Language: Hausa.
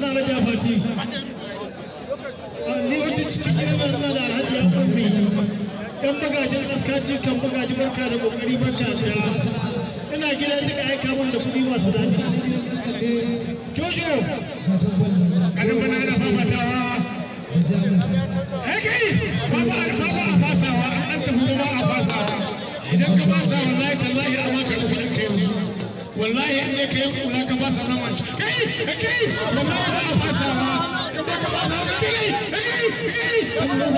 sannan alhaji ya a ni wata cikin hidimar na da alhaji ya fafi yan magajin kaskaji kan Bagaji, barka da kokari barka da ina gida duka aika min da kuɗi masu daɗi jojo kadan bana ana fafatawa kai ba ba a fasawa an tafi ba a fasawa idan ka fasa wallahi tallahi an maka rukunin ka yanzu wallahi in ne ka yanku na passa ei, onde? Aqui, aqui, o Braga passa lá. O Braga passa lá. ei, ei, ei.